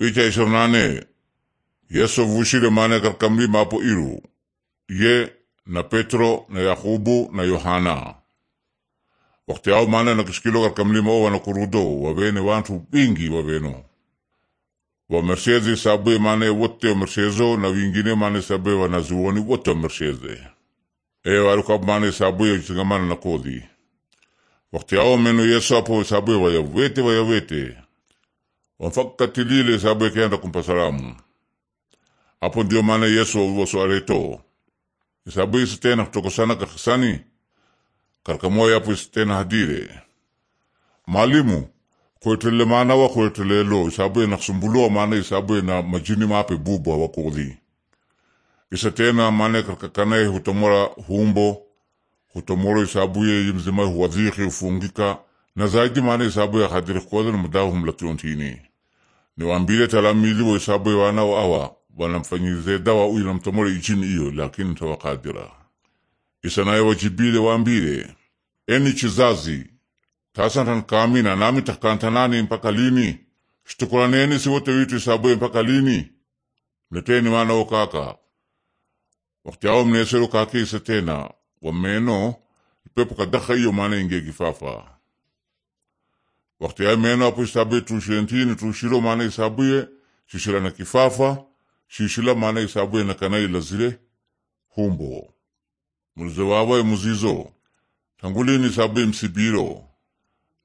Picha Yesu mane karkamli mapo iru ye na Petro na Yakubu na Yohana wakati au mane na nakishikilo karkamli mao wanakurudo wabene wantu bingi wabeno wamersheze sabe mane wote wamershezo na wingine mane sabe wanazuoni wote e ewarukab ee mane sabe jisingamana na kodhi wakati ao meno Yesu apo sabe wayawete wayawete wamfakati sababu yakeenda kumpa salamu hapo ndio maana yesu wauwasoareto isabu isi tena kutokosana katikasani karkamoya apo isi tena hadire malimu koetele mana wa koetele lo isabu ena kusumbulua maana isabu ena majini mape bubwa wakoli isa tena maana karkakanae hutomora humbo hutomoro isabu ye yimzima huwadhiki hufungika na zaidi maana isabu ya hadire kodana mudahu humlakiontini niwambile talamili wana wa awa wanamfanyize dawa uyu mtomole ijini iyo lakini tawakadira isanaye wajibile wambile eni chizazi tasantankamina nami takantanani mpaka lini shitukulaneni wote witu isaabuye mpaka lini mleteni wana wo kaka wakati ao mnesero kake isa tena wameno ipepo kadaka iyo mana ingie kifafa Wakati ya apo isabe tushentini tushiro maana isabuye shishila na kifafa shishila maana isabuye na kanai lazile humbo mulize wawaye muzizo tangulini isabuye msibiro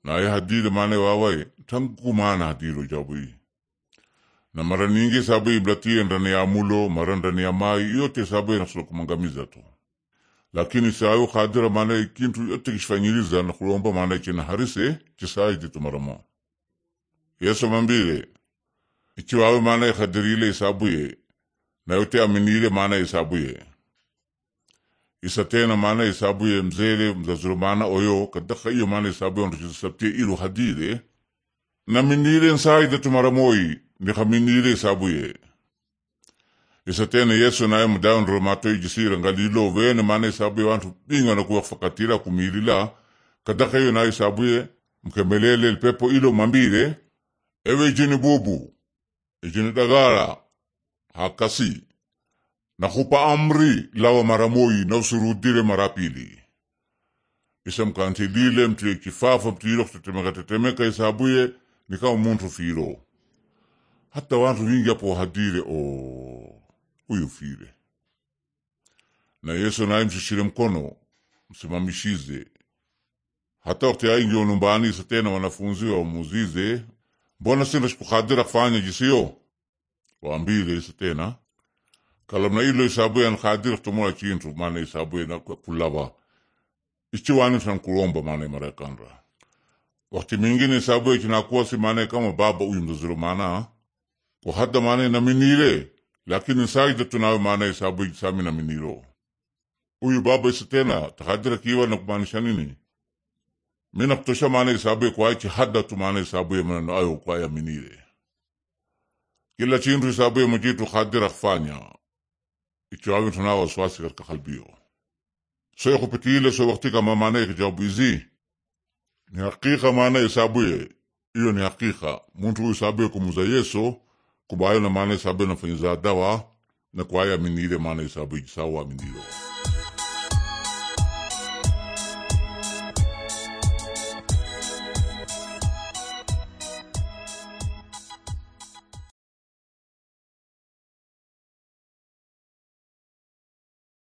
naye hadile maana wawaye tangu maana hadilo jabui na mara nyingi isabuye iblatie ndani ya mulo mara ndani ya mai yote isabuye nakusuda kumangamiza tu lakini sayo kadira maana kintu yote kishifanyiriza na kulomba maana ikina harise chisaidi tumaramo yesu mambile ichiwawe maana ikadirile isabuye na yote aminile maana isabuye isatena maana isabuye mzele mzazuru maana oyo kadaka iyo maana isabuye ndochizisabtie ilu hadile naminile nsaida tumaramoi nikaminile isabuye isatene yesu naye mudawani romatoi jisira ngalilo wene mana isabu ye wantu bingana kuwa fakatira kumilila kadakayo naye isabu ye mkemelele lipepo ilo mambire ewe ijini bubu ijini dagara hakasi nakupa amri lawa maramoyi usurudire marapili isamkantilile mtuye kifafa mtuyilo kutetemeka tetemeka ye nikawa muntu filo hata wantu wingi apo wahadile o oh uyufile na Yesu naye mshishile mkono msimamishize hata wakati aingiwa nyumbani isa tena wanafunzi wamuzize mbona sina shikukadira kufanya jisiyo waambile isa tena kalamna ilo ya ankadira kutomora chintu maana ya isabuye wani ichiwani sankulomba maana marekanra wakati mingine ya chinakuwa si maana kama baba uyu mzuziro maana kwa hata maana naminile lakini saidatu nawe maana isabu igisami na miniro uyu baba isi tena takadira kiwa na kumaanisha nini mina kutosha maana isabu kwaichi haddatu maana isabu manano ayo kwaya minire kila chindu isabu mujitu kadira kufanya ichiwawintuna waswasi katika kalbio so yakupitile so wakti kama maana ikijawabu izi ni hakika maana isabu iyo ni hakika muntu uyu isabu kumuza yeso kubayo na mane sabe na fanyizadawa na kwaya minire mane sabe isawa minire